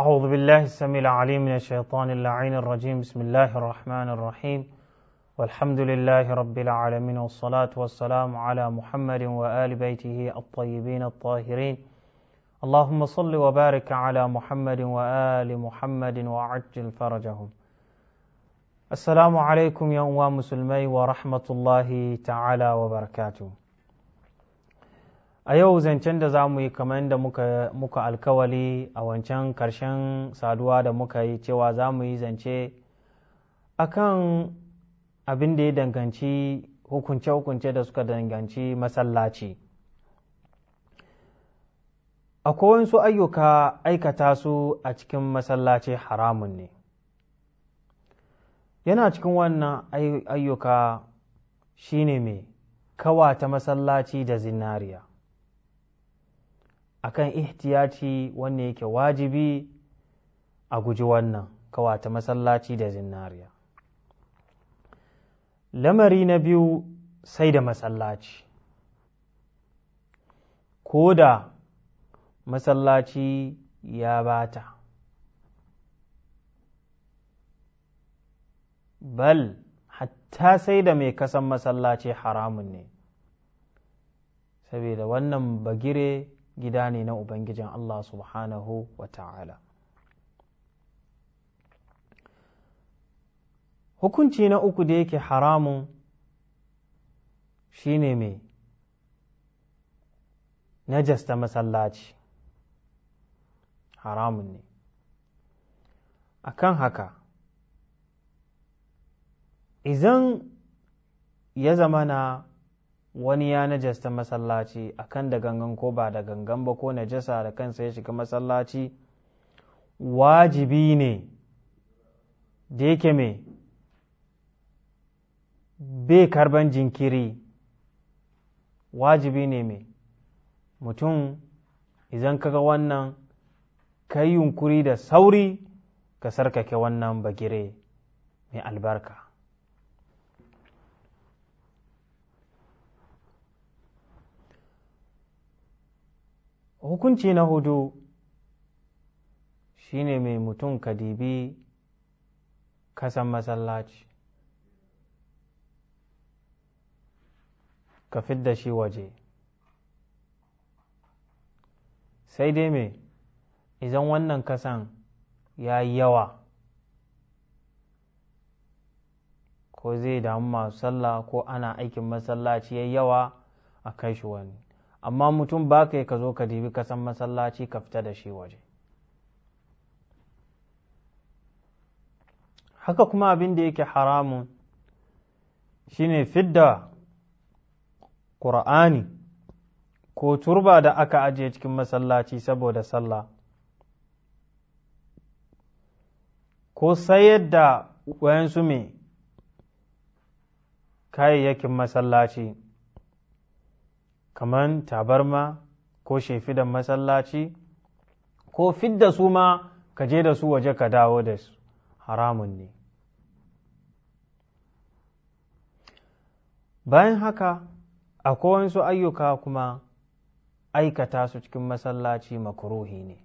أعوذ بالله السميع العليم من الشيطان اللعين الرجيم بسم الله الرحمن الرحيم والحمد لله رب العالمين والصلاة والسلام على محمد وآل بيته الطيبين الطاهرين اللهم صل وبارك على محمد وآل محمد وعجل فرجهم السلام عليكم يا أمة مسلمي ورحمة الله تعالى وبركاته a yau zancen da za mu yi kamar yadda muka, alkawali a wancan karshen saduwa da muka yi cewa za mu yi zance kan abin da ya danganci hukunce-hukunce da suka danganci masallaci akwai su ayyuka aikata su a cikin masallaci haramun ne yana cikin wannan ayyuka shine mai kawata masallaci da zinariya akan ihtiyaci wanne yake wajibi a guji wannan kawata masallaci da zinariya lamari na biyu sai da masallaci ko da masallaci ya bata bal hatta sai da mai kasan masallaci haramun ne saboda wannan bagire gida ne na ubangijin Allah subhanahu wa ta'ala hukunci na uku da yake haramun shine mai najasta masallaci haramun ne a kan haka izan ya zama na wani ya najasta masallaci a kan da gangan ko ba da gangan ba ko najasa da kansa ya shiga masallaci wajibi ne da yake mai bai karban jinkiri wajibi ne mai mutum idan kaga wannan kayi yunkuri da sauri ka sarkake wannan bagire mai albarka hukunci na hudu shine mai mutum ka dibi kasan masallaci ka fidda shi waje sai dai me idan wannan kasan ya yi yawa ko zai damu masu sallah ko ana aikin masallaci ya yawa a kai shi wani amma mutum ba ka yi ka zo ka dibi kasan masallaci ka fita da shi waje haka kuma abin da yake haramun shine fidda ƙur'ani ko turba da aka ajiye cikin masallaci saboda sallah ko sayar da wayansu mai kayayyakin masallaci kamar tabarma ko shefidan masallaci ko fidda su ma ka je da su waje ka dawo da su haramun ne bayan haka akwai wasu ayyuka kuma aikata su cikin masallaci makuruhi ne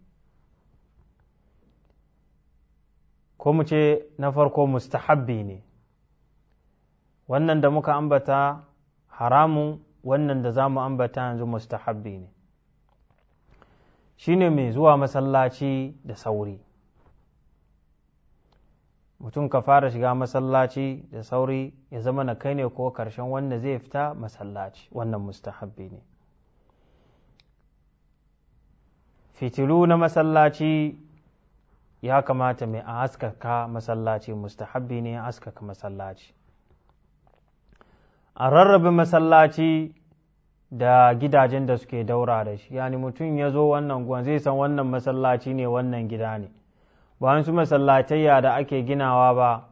ko mu ce na farko mustahabbi ne wannan da muka ambata haramun wannan da za mu ambata yanzu mustahabbi ne shine mai zuwa masallaci da sauri mutum ka fara shiga masallaci da sauri ya zama na kai ne ko karshen wanda zai fita masallaci wannan mustahabbi ne fitilu na masallaci ya kamata mai a haskaka masallaci mustahabbi ne a haskaka masallaci a rarrabe masallaci da gidajen da suke daura da shi yani mutum ya zo wannan guwan zai san wannan masallaci ne wannan gida ne ba su masallatayya da ake ginawa ba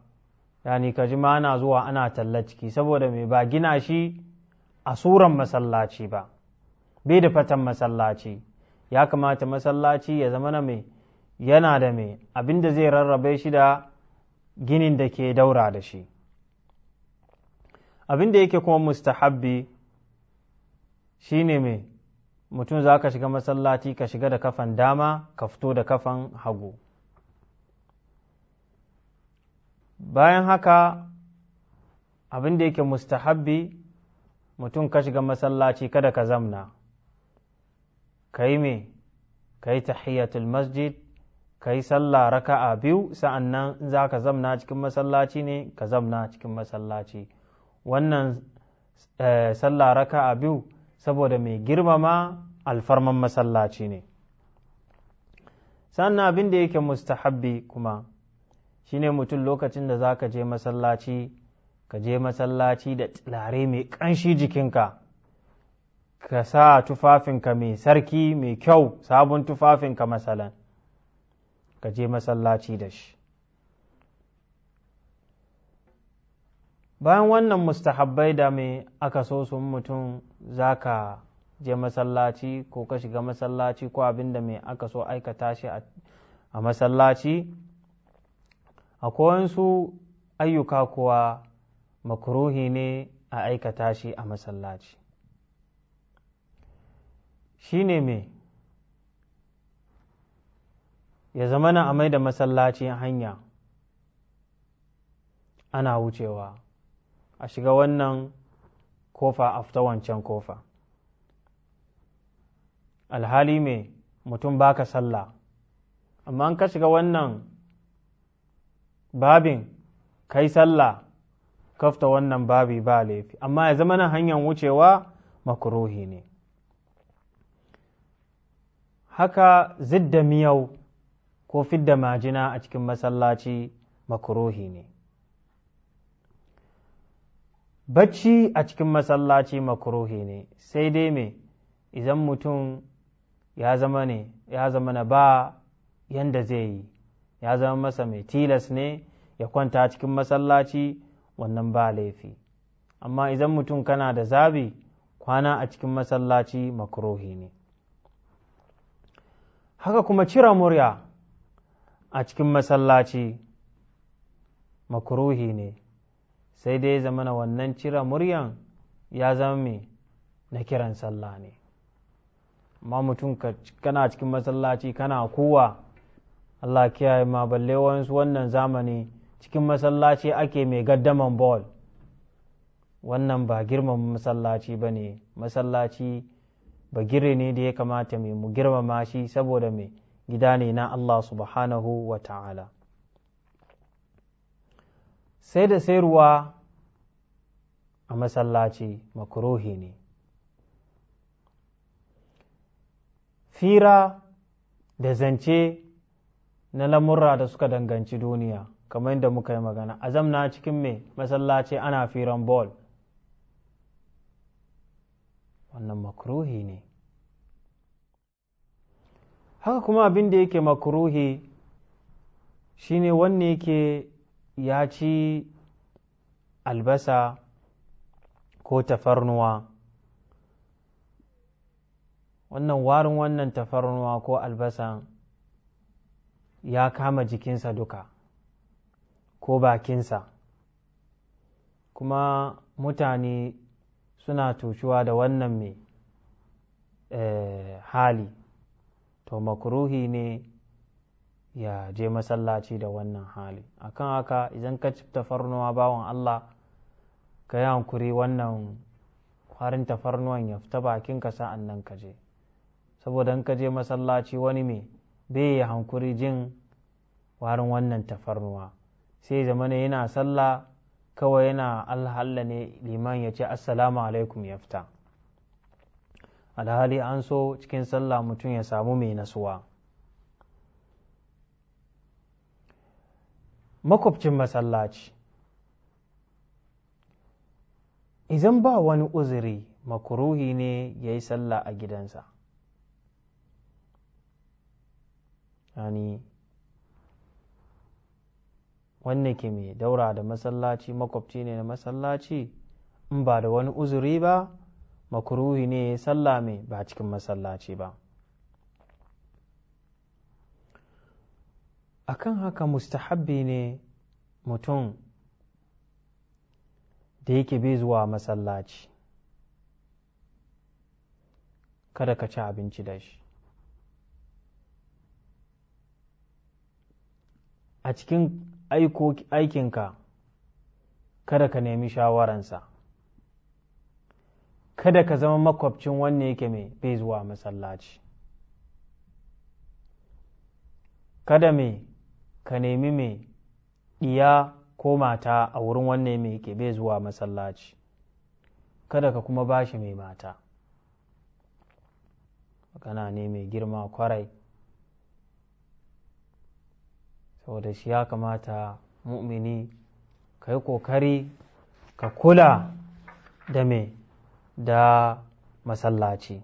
yani ka ji ana zuwa ana talla ciki saboda mai ba gina shi a suran masallaci ba bai da fatan masallaci ya kamata masallaci ya zama na mai yana da mai abinda zai rarrabe shi da ginin da ke daura da shi abin da yake kuma mustahabbi shi ne mai mutum za ka shiga masallaci ka shiga da kafan dama ka fito da kafan hagu bayan haka abin da yake mustahabbi mutum ka shiga masallaci kada ka zamna ka yi mai ka yi tahiyyatul masjid ka yi sallah raka'a biyu sa'an nan za ka zamna cikin masallaci ne ka zamna cikin masallaci wannan eh, sallah raka a biyu saboda mai girmama alfarman masallaci ne sannan abin da yake mustahabbi kuma shine mutum lokacin da za ka je masallaci ka je masallaci da tilare mai ƙanshi jikinka ka sa tufafinka mai sarki mai kyau sabon tufafinka masalan ka je masallaci da shi bayan wannan mustahabbai da mai aka so su mutum za ka je masallaci ko ka shiga masallaci ko abin da mai aka so aikata shi a masallaci a kowansu ayyuka kuwa makuruhi ne a aikata shi a masallaci shi ne mai ya zama na amai da masallaci hanya ana wucewa a shiga wannan kofa afta wancan kofa alhali mai mutum baka sallah amma an ka shiga wannan babin kai sallah kafta wannan babi ba laifi amma ya zama nan hanyar wucewa makuruhi ne haka zidda miyau ko fidda majina a cikin masallaci makuruhi ne bacci a cikin masallaci makaruhi ne sai dai me idan mutum ya zama ne ya zama na ba yanda zai yi ya zama masa mai tilas ne ya kwanta cikin masallaci wannan ba laifi amma idan mutum kana da zabi kwana a cikin masallaci makaruhi ne haka kuma cira murya a cikin masallaci makaruhi ne sai dai zamana wannan cire muryan ya zama mai na kiran sallah ne amma mutum kana cikin masallaci kana kowa Allah kiyaye ma balle wansu wannan zamani cikin masallaci ake mai gaddaman ball wannan ba girmama masallaci ba ne masallaci ba gire ne da ya kamata mai mu girmama shi saboda mai gida ne na Allah subhanahu wa ta'ala sai da sayarwa a masallaci makuruhi ne fira da zance na lamurra da suka danganci duniya kamar yadda muka yi magana na cikin mai masallaci ana firan ball wannan makuruhi ne haka kuma abin da yake makruhi shine wanne yake ya ci albasa ko tafarnuwa wannan warin wannan tafarnuwa ko albasa ya kama jikinsa duka ko bakinsa kuma mutane suna tushuwa da wannan mai eh, hali to makruhi ne ya je masallaci da wannan hali akan haka idan ka ci tafarnuwa bawan Allah ka yi hankuri wannan kwarin tafarnuwan ya fita bakin ka sa'an nan ka je saboda ka je masallaci wani mai bai yi hankuri jin warin wannan tafarnuwa sai zama ne yana sallah kawai yana alhalla ne liman ya ce assalamu alaikum ya fita alhali an so cikin sallah mutum ya samu mai nasuwa makwabcin masallaci idan ba wani uzuri makuruhi ne ya yi sallah a gidansa yani wanne ke mai daura da masallaci makwabci ne na masallaci in ba da wani uzuri ba makuruhi ne ya yi sallah mai ba cikin masallaci ba akan haka mustahabbi ne mutum da yake bai zuwa masallaci kada ka ci abinci da shi a cikin aikinka kada ka nemi shawaransa kada ka zama makwabcin wanne yake mai bai zuwa masallaci kada mai ka nemi mai ɗiya ko mata a wurin wanne mai ke bai zuwa masallaci kada ka kuma ba shi mai mata kana ne mai girma kwarai saboda shi ya kamata mu'mini ka yi ƙoƙari ka kula da mai da masallaci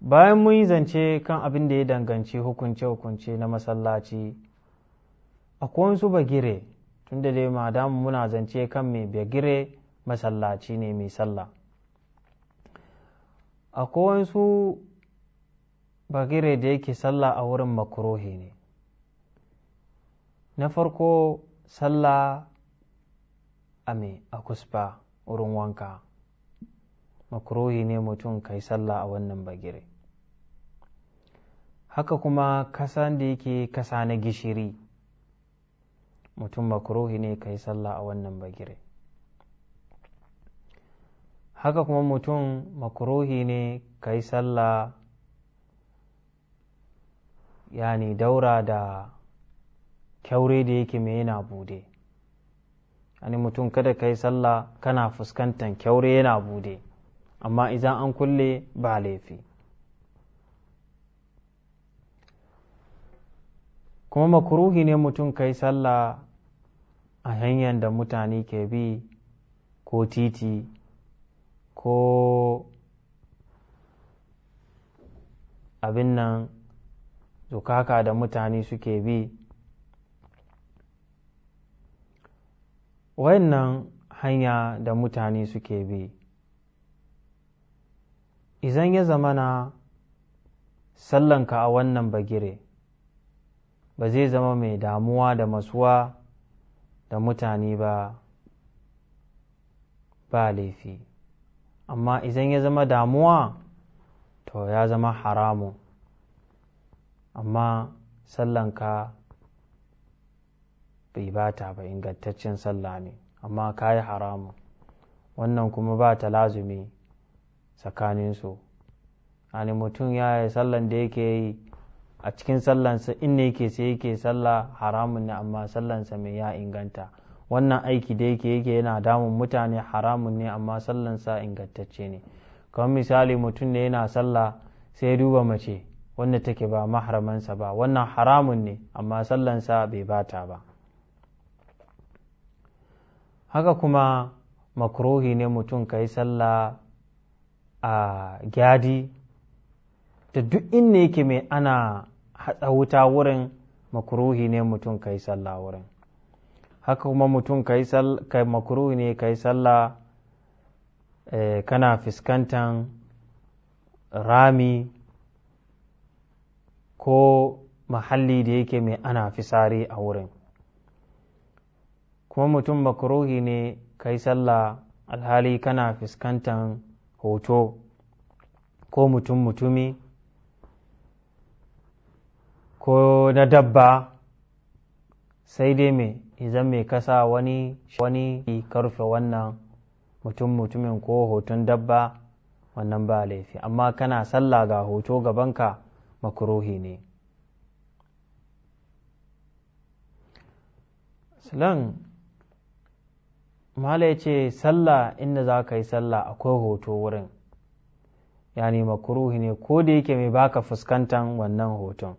bayan mun yi zance kan abin da ya danganci hukunce-hukunce na masallaci akwai su bagire tun da dai madam muna zance kan mai bagire masallaci ne mai sallah akwai wasu bagire da yake sallah a wurin makurohi ne na farko sallah a mai a kusfa wurin wanka makurohi ne mutum kai sallah a wannan bagire haka kuma kasa da yake kasa na gishiri mutum makruhi ne ka yi sallah a wannan bagire haka kuma mutum makruhi ne ka yi sallah yani daura da kyaure da yake mai yana bude ani mutum kada ka yi sallah kana fuskantar kyaure yana bude amma idan an kulle ba laifi kuma makuruhi ne mutum kai sallah a hanyar da mutane ke bi ko titi ko abin nan zukaka da mutane suke bi wannan hanya da mutane suke bi izan ya zamana sallanka a wannan bagire ba zai zama mai damuwa da masuwa da mutane ba ba laifi amma idan ya zama damuwa to ya zama haramu amma sallanka bai ba ta ba ingantaccen sallah ne amma ka yi haramun wannan kuma ba ta lazumi tsakaninsu ani mutum ya yi sallan da yake yi a cikin sallansa inda yake sai yake sallah haramun ne amma sallansa mai ya inganta wannan aiki da yake yake yana damun mutane haramun ne amma sallansa ingantacce ne kamar misali mutum ne yana sallah sai duba mace wanda take ba mahramansa ba wannan haramun ne amma sallansa bai bata ba haka kuma makrohi ne mutum ka yi sallah a gyadi da duk inda yake mai ana hatsa wuta wurin makuruhi ne mutum ka yi sallah wurin haka kuma mutum ka yi makuruhi ne ka yi sallah eh, kana fuskantan rami ko mahalli da yake mai ana fisari a wurin kuma mutum makuruhi ne ka yi sallah alhali kana fuskantan hoto ko mutum mutumi ko na dabba sai dai me izan mai kasa wani wani karfe wannan mutum mutumin ko hoton dabba wannan ba laifi amma kana sallah ga hoto gabanka makurohi ne silan mala ya ce sallah inda za ka yi sallah akwai hoto wurin yani makuruhi ne ko da yake mai baka fuskantan wannan hoton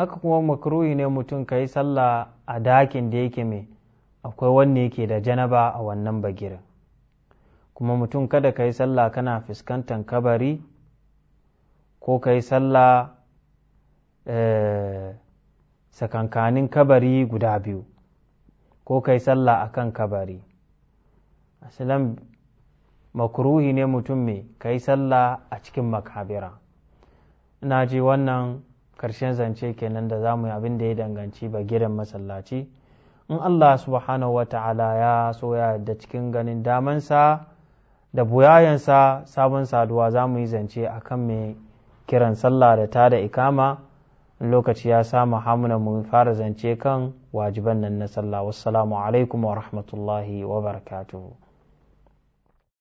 haka kuma makruhi ne mutum ka yi sallah a dakin da yake mai akwai wanne yake da janaba a wannan bagirin kuma mutum kada ka yi sallah kana fuskantar kabari ko ka yi sallah eh, sakankanin kabari guda biyu ko ka yi sallah a kan kabari asalan makruhi ne mutum mai ka yi sallah a cikin makabira ina ji wannan karshen zance kenan da za mu yi abin da ya danganci ba gidan masallaci in Allah subhanahu wa ta'ala ya so ya da cikin ganin damansa da buyayensa sabon saduwa za mu yi zance a kan mai kiran sallah da ta da ikama lokaci ya samu hamuna mu fara zance kan wajiban nan na sallah wassalamu alaikum wa rahmatullahi wa barakatuhu